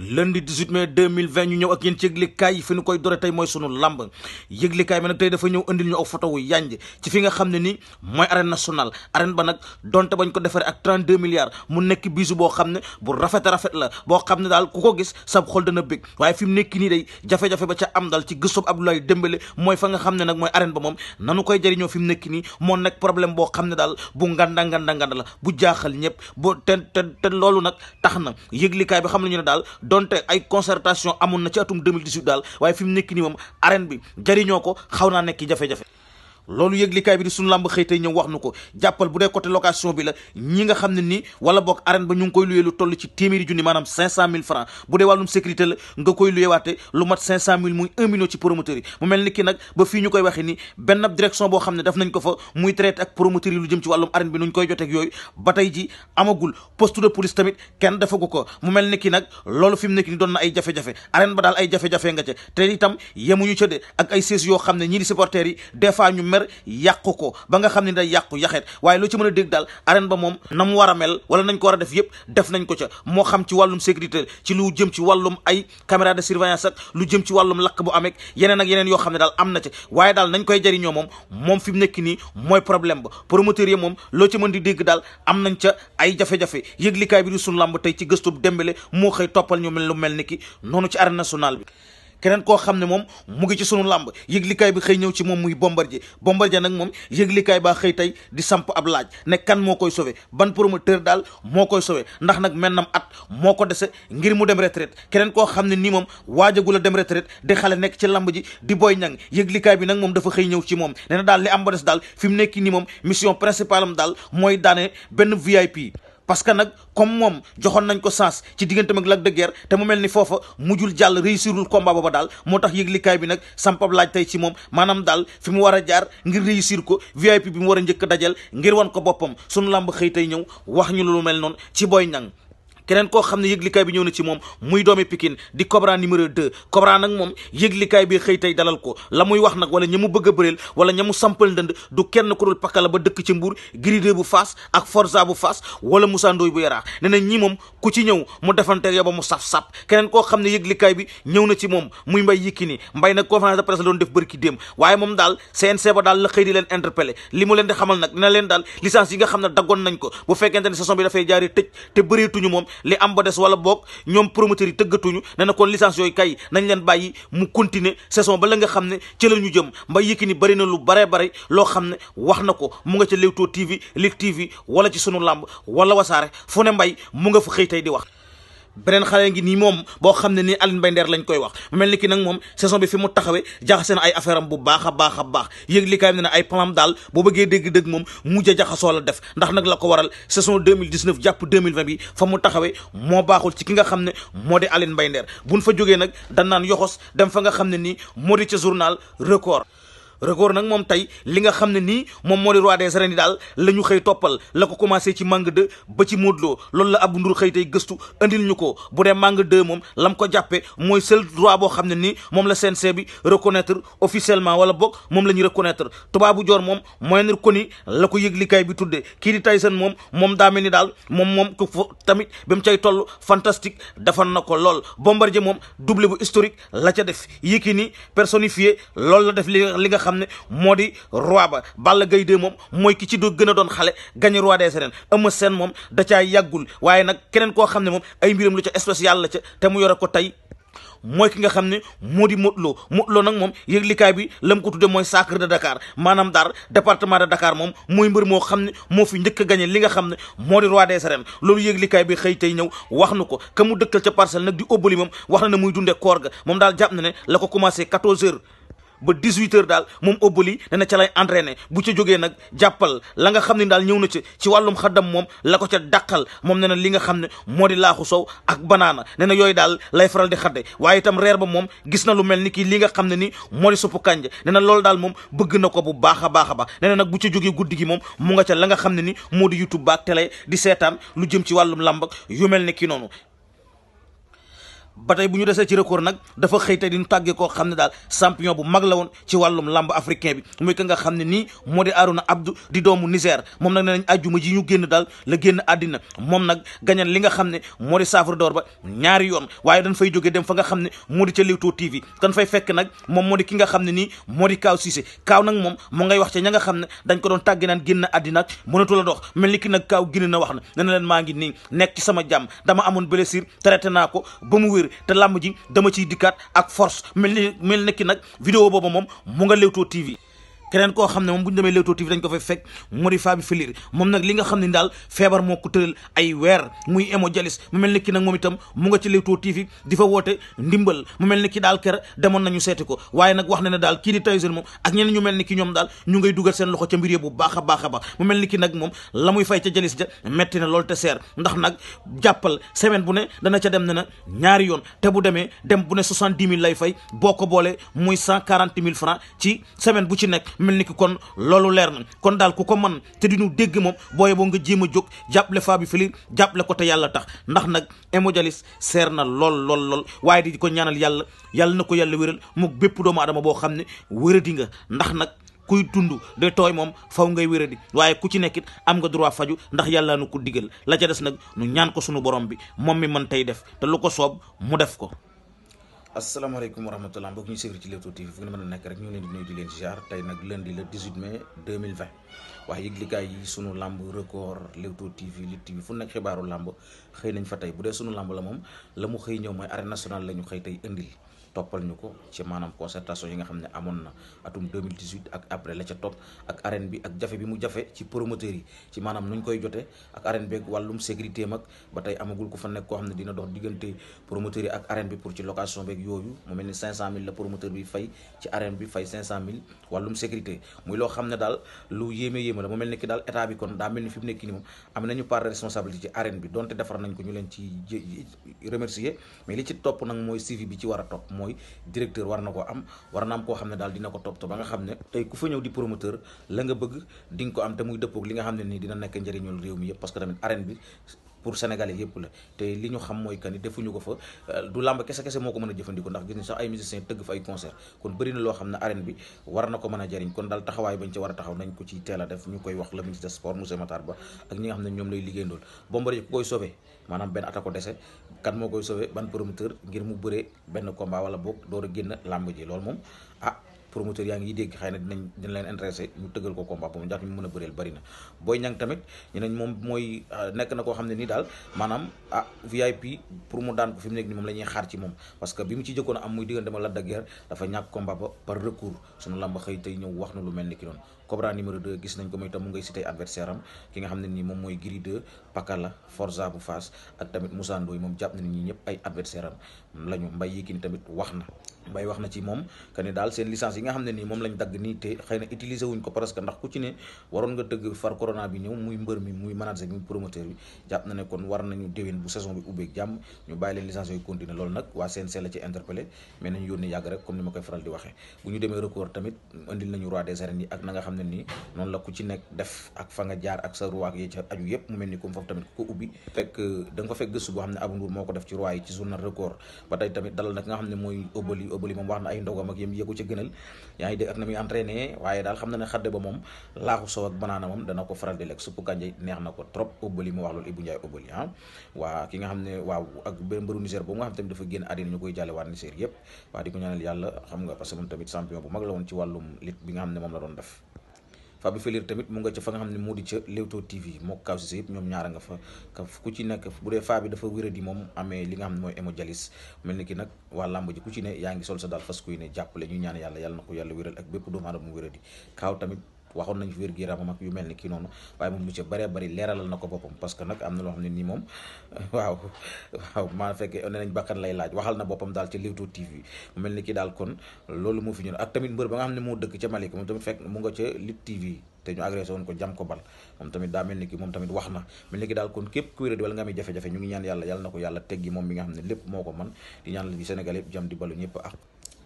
lundi 18 mai 2020 ñu ñëw ak yéen ci yëglikaay fi ñu koy dore tey mooy sunu lamb yëglikaay bi nag tey dafa ñëw indil ñu aw photo wu ci fi nga xam ne ni mooy arène nationale arène ba nag donte bañ ko defaree ak 32 milliards mu nekk bisu boo xam ne bu rafet rafet la boo xam ne daal ku ko gis sab xol dana bég waaye fi mu nekk nii day jafe ba ca am daal ci gëstub Abdoulaye Dembélé mooy fa nga xam ne nag mooy arène ba moom nanu koy jëriñoo fi mu nekk nii moo nekk problème boo xam ne daal bu nganda nganda nganda la bu jaaxal ñëpp bu te te te loolu nag tax na yëglikaay bi xam ñu ne daal donte ay concertation amoon na ci atum 2018 daal waaye fi mu nekk nii moom arène bi jariñoo ko xaw naa nekk jafe-jafe loolu yëglikaay bi di suñu làmb xëy tey wax nu ko jàppal bu dee côté location bi la ñi nga xam ne nii wala boog arène ba ñu koy luyee lu toll ci téeméeri junni maanaam cinq cent mille francs bu dee wàllum sécurité la nga koy luyewaate lu mat cinq cent mille muy un million ci promoteur yi mu mel ni nag ba fii ñu koy waxee ni benn direction boo xam ne daf nañ ko fa muy traité ak promoteur yi lu jëm ci wàllum arène bi nuñ koy joteeg yooyu mel ni ki nag loolu fi mu nekk ni doon na ay jafe-jafe arène ba daal ay xam ne ñii di defar ko ba nga xam ne day yàqu yaxet waaye loo ci mën a dégg daal arène ba moom na mu war a mel wala nañ ko war a def yëpp def nañ ko ca moo xam ci wàllum sécurité ci lu jëm ci wàllum ay caméra de surveillance ak lu jëm ci wàllum lakk bu ameek yeneen ak yeneen yoo xam ne daal am na ca waaye daal nañ koy jariñoo moom moom fi mu nekk nii mooy problème ba promoteur yi moom loo ci mën di dégg daal am nañ ca ay jafe-jafe yëglikaay bi di sunu làmb tey ci gëstu dembele moo xëy toppal ñu mel lu mel ni ki noonu ci arène nationale bi keneen koo xam ne moom mu ngi ci sunu làmb yëglikaay bi xëy ñëw ci moom muy Bombardier Bombardier nag moom yëglikaay ba xëy tey di samp ab laaj ne kan moo koy sauver ban promoteur daal moo koy sauver ndax nag mennam at moo ko dese ngir mu dem retraite keneen koo xam ne nii moom waajagul a dem retraite di xale nekk ci làmb ji di Boy Niang yëglikaay bi nag moom dafa xëy ñëw ci moom nee na daal li am ba des daal fi mu nekk nii moom mission principale daal mooy daane benn VIP parce que nag comme moom joxoon nañ ko sens ci diggante mag lag de te mu mel ni foofa mujjul jàll réussirul combat booba daal moo tax yëglikaay bi nag sampab laaj tey ci moom maanaam daal fi mu war a jaar ngir réussir ko VIP bi mu war a njëkk dajal ngir wan ko boppam sunu làmb xëy tey ñëw wax ñu lu mel noonu ci Boy Niang keneen koo xam ne yëglikaay bi ñëw na ci moom muy doomi Pikine di Cobra numéro 2 Cobra nag moom yëglikaay bi xëy tey dalal ko la muy wax nag wala ña mu bëgg a bëreel wala ña mu sampal ndënd du kenn ku dul pakala ba dëkk ci Mbour Gris bu Fass ak Forza bu Fass wala Moussa Ndoye bu Yaraax ne na ñi moom ku ci ñëw mu defanteeg yow ba mu saf-sap keneen koo xam ne yëglikaay bi ñëw na ci moom muy mbay Yékini Mbaye mbay na de presse la doon def bërki déem waaye moom daal CNG ba daal la xëy di li mu leen di xamal nag dina leen daal licence yi nga xam ne daggoon nañ ko bu fekkente ne saison bi dafay jaaree tëj te bëreetuñu moom li am ba des wala boog ñoom promoteurs yi tëggatuñu ne na kon licence yooyu kay nañ leen bàyyi mu continuer saison ba la nga xam ne ci ñu jëm mbay Yékini bëri na lu bare bare loo xam ne wax na ko mu nga ca Leewtoo TV Lutte TV wala ci sunu làmb wala wasaare fu ne mbay mu nga fu xëy tey di wax beneen xale ngi nii moom boo xam ne ni Alioune Mbaye Nder lañ koy wax mel ni ki nag moom saison bi fi mu taxawee jaxase na ay affaire am bu baax a baax a baax yëg li kaay ne ay planam daal boo bëggee dégg-dégg moom mujj a jaxasoo def ndax nag la ko waral saison 2019 jàpp 2020 bi fa mu taxawee moo baaxul ci ki nga xam ne moo di Alioune Mbaye Nder buñ fa jógee nag dan naan yoxos dem fa nga xam ne nii moo di ca journal record record nag moom tey li nga xam ne nii moom moo di roi des arènes yi daal ñu xëy toppal la ko commencé ci Manga 2 ba ci Modou Lo loolu la Abou Ndour xëy tey gëstu andil ñu ko bu dee Manga 2 moom lam ko jàppe mooy seul roi boo xam ne nii moom la CNG bi reconnaître officiellement wala boog moom la ñuy reconnaître tubaabu joor moom mooy nir ko ni la ko yëglikaay bi tudde kii di Tyson moom moom daa ni daal moom moom ko tamit ba mu cay toll fantastique defan na ko lool Bombardier moom double bu historique la ca def Yékini personnifié loolu la def li nga xam xam ne moo di roi ba Balla Gaye 2 moom mooy ki ci do gën a doon xale gagné roi des arènes Eumeu seen moom da caa yàggul waaye nag keneen koo xam ne moom ay mbiram lu ca spécial la ca te mu yore ko tey mooy ki nga xam ne moo di Modou Lo Modou Lo nag moom yëglikaay bi la mu ko tudde mooy sacre Dakar maanaam daar département de Dakar moom mooy mbër moo xam ne moo fi njëkk a gagné li nga xam ne moo di roi des arènes loolu yëglikaay bi xëy tey ñëw wax nu ko ka mu dëkkal ca parcelle nag di óbbali moom wax na na muy dunde koor ga moom daal jàpp na ne la ko commencé quatorze ba dix-huit heures daal moom ëbbali dana ca lay entraîné bu ca jógee nag jàppal la nga xam ne daal ñëw na ci ci wàllum xaddam moom la ko ca dàqal moom nee na li nga xam ne moo di laaxu sow ak banaana nee na yooyu daal lay faral di xadde waaye itam reer ba moom gis na lu mel ni kii li nga xam ne ni moo di suppu kànja nee loolu daal moom bëgg na ko bu baax a baax a baax nee nag bu ca jógee guddi gi moom mu nga ca langa xam ne ni moo di youtube baak télé di seetaan lu jëm ci wàllum lambak ak yu mel ni kii noonu ba tey bu ñu desee ci record nag dafa xëy tey di ñu tàggee koo xam ne daal champion bu mag la woon ci wàllum làmb africain bi muy ka nga xam ne nii moo di Arouna Abdou di doomu Niger moom nag nee nañ àjjuma ji ñu génn daal la génn àddina moom nag gañan li nga xam ne moo di saafara door ba ñaari yoon waaye dañ fay jógee dem fa nga xam ne moo di ca Leewtoo TV dañ fay fekk nag moom moo di ki nga xam ne nii moo di Kaaw Cissé Kaaw nag moom moo ngay wax ca ña nga xam ne dañ ko doon tàggee naan génn àddina mënatu dox mel ni ki nag Kaaw génn na wax na nee na leen maa ngi nii nekk ci sama jàmm dama amoon blessure traité naa ko ba mu wér bi te làmb ji dama ciy dikkaat ak force mel ni mel nekki nag vidéo boobu moom mu nga Leewtoo TV keneen ko xam ne moom bu ñu demee Leewtoo TV dañ ko fay fekk mu di Faby Filir moom nag li nga xam ne daal feebar moo ko tëral ay weer muy hémodialyse mu mel ni ki nag moom itam mu nga ci Leewtoo TV di woote ndimbal mu mel ni ki daal kër demoon nañu seeti ko waaye nag wax na ne daal kii di Tyson moom ak ñeneen ñu mel ni ki ñoom daal ñu ngay dugal seen loxo ca mbir bu baax a baax a baax mu mel ni ki nag moom la muy fay ca jalis ja metti na loolu te seer ndax nag jàppal semaine bu ne dana ca dem ne na ñaari yoon te bu demee dem bu ne soixante-dix mille lay fay boo ko boolee muy cent quarante mille francs ci semaine bu ci nekk mel ni ki kon loolu leer na kon daal ku ko man te di dégg moom booye boo nga jéem a jóg jàppale Fabio Fili jàppale ko te yàlla tax ndax nag hémodialyse seer na lool lool waaye di ko ñaanal yàlla yàlla na ko yàlla wéral mu bépp doomu adama boo xam ne wéradi nga ndax nag kuy tund de tooy moom faw ngay wéradi waaye ku ci nekkit am nga droit faju ndax yàlla nu ko digal la ca nag nu ñaan ko sunu borom bi moom mi man tey def te lu ko soob mu def ko asalaamaaleykum wa rahmatulah mbokk ñu suivre ci Leewtoo TV fu ngeen mën a nekk rek ñu leen di nuyu di leen ziar tey nag lundi le 18 mai 2020 waaye yëglikaay yi sunu lamb record Leewtoo TV Lutte TV fu nekk xibaaru lamb xëy nañ fa tey bu dee sunu lamb la moom la mu xëy ñëw mooy arène nationale la ñu xëy tey indil. toppal ñu ko ci maanaam concertation yi nga xam ne amoon na atum 2018 ak après la ca topp ak arène bi ak jafe bi mu jafe ci promoteurs yi ci maanaam nuñ koy jote ak arène beeg wàllum sécurité mag ba tey amagul ko fa nekk xam ne dina dox diggante promoteurs yi ak arène bi pour ci location beeg yooyu mu mel ni 500000 la promoteur bi fay ci arène bi fay 500000 wàllum sécurité muy loo xam ne daal lu yéeme yéeme la mu mel ni ki daal état bi kon daa mel ni fi mu nekk nii moom am nañu bi donte defar nañ ko ñu leen ci mais li ci topp nag mooy suivi bi ci war a topp mooy directeur war na ko am war na am koo xam ne daal dina ko topp ba nga xam ne tey ku fa ñëw di promoteur la nga bëgg di ko am te muy dëppoog li nga xam ne nii dina nekk njëriñul réew la te euh, a jëfandikoo ne a jariñ kon daal taxawaay bañ ci war a taxaw nañ ko ci teel sport monsieur Ba ak ñi nga xam ne ñoom lay liggéeyandool Bombardier ku koy sauver maanaam benn ata ko dese kan moo koy sauvé ban promoteur ngir mu bëree benn combat wala boog door a génn làmb ji loolu moom ah promoteur yaa ngi dégg xëy na dinañ dina leen intéressé ñu tëggal ko combat bu a bëreel na moom mooy euh, nekk na koo xam ne nii daal maanaam ah VIP pour mu daan ko fi mu nekk ni moom la ñuy xaar ci moom parce que bi mu ci jëkkoon a am muy diggante ma Lac de Guiers dafa ñàkk combat wax na lu mel ni ki noonu Cobra numéro 2 gis nañ mooy tam mu ngay cité adversaire moom mooy Gris 2 Pakala Forza bu Fass ak tamit Moussa Ndoye moom jàpp na ni ñi ñëpp ay adversaire am lañu Mbaye Yékini tamit wax na Mbaye wax na ci moom que daal seen licence yi nga xam ne nii moom lañ dagg nii te xëy na utiliser wuñ ko parce ndax ku ci ne waroon nga tëgg far corona bi ñëw muy mbër mi muy manager bi muy promoteur bi jàpp na ne war nañu déwén bu saison bi ubbeeg jàmm ñu bàyyi leen licence yooyu continuer loolu nag waa CNG la ci interpellé mais nañu yónni yàgg rek comme ni ma koy faral di waxee bu ñu demee record tamit indil nañu roi des arènes yi ak yu ëbbali moom wax na ay ndogam ak yam yëgu ca gënal yaa ngi dégg ak na muy entraîné waaye daal xam na ne ba moom laaxu sow ak banaana moom dana ko faral di lekk suppu kànja neex na ko trop ëbbali mu wax loolu Ibou Ndiaye ëbbali ah waa ki nga xam ne waaw ak benn mbëru Niger boobu nga xam tamit dafa génn àddina ñu koy jàlle waat Niger yëpp waa di ko ñaanal yàlla xam nga parce moom tamit champion bu mag la woon ci wàllum lit bi nga xam ne moom la doon Fabio Felire tamit mu nga ca fa nga xam ne moo di ca Leewtoo TV moo Kaw Cissé yëpp ñoom ñaara nga fa ku ci nekk bu dee Fabio dafa wéra moom amee li nga xam ne mooy hémodialyse mel ni ki nag waa làmb ji ku ci ne yaa ngi sol sa daal fas kuy ne jàppale ñu ñaan yàlla yàlla na ko yàlla wéral ak bépp doomu aadama mu wéra tamit waxoon nañ fi wér-gu-yaramam ak yu mel ni kii noonu waaye moom lu ci bëree bëri leeralal na ko boppam parce que nag am na loo xam ne nii moom waaw maa fekkee ne nañ bakkan lay laaj waxal na boppam daal ci Leewtoo TV mu loolu moo fi moo dëkk ca Malika moom tamit fekk mu nga ca Lutte TV te ñu agressé ko jam ko bal moom tamit daa mel ni ki moom tamit wax na mel ni ki daal kon képp ku wéradi nga am jafe-jafe ñu ngi ñaan yàlla yàlla na ko teggi moom mi nga xam ne lépp moo ko man di ñaan la bi Sénégal yëpp jam di balu ñëpp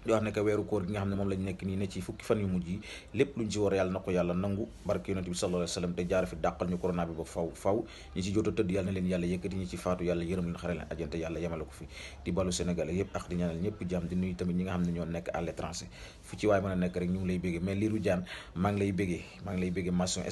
di wax ne que weeru koor gi nga xam ne moom lañ nekk nii ne ci fukki fan yu mujj yi lépp luñ ci war yàlla na ko yàlla nangu barke yonent bi sallallahu alayhi wasallam te fi dàqal ñu corona bi ba faw faw ñi ci jot a tëdd yàlla na leen yàlla yëkkati ñi ci faatu yàlla yërëm leen xare leen ajante yàlla yemale ko fi di balu sénégalais yëpp ak di ñaanal ñëpp jàmm di nuyu ñi nga xam ne ñoo nekk à l'étranger fu ci waay mën a nekk rek ñu ngi lay béggee mais liiru jaan maa ngi lay béggee maa ngi lay béggee mention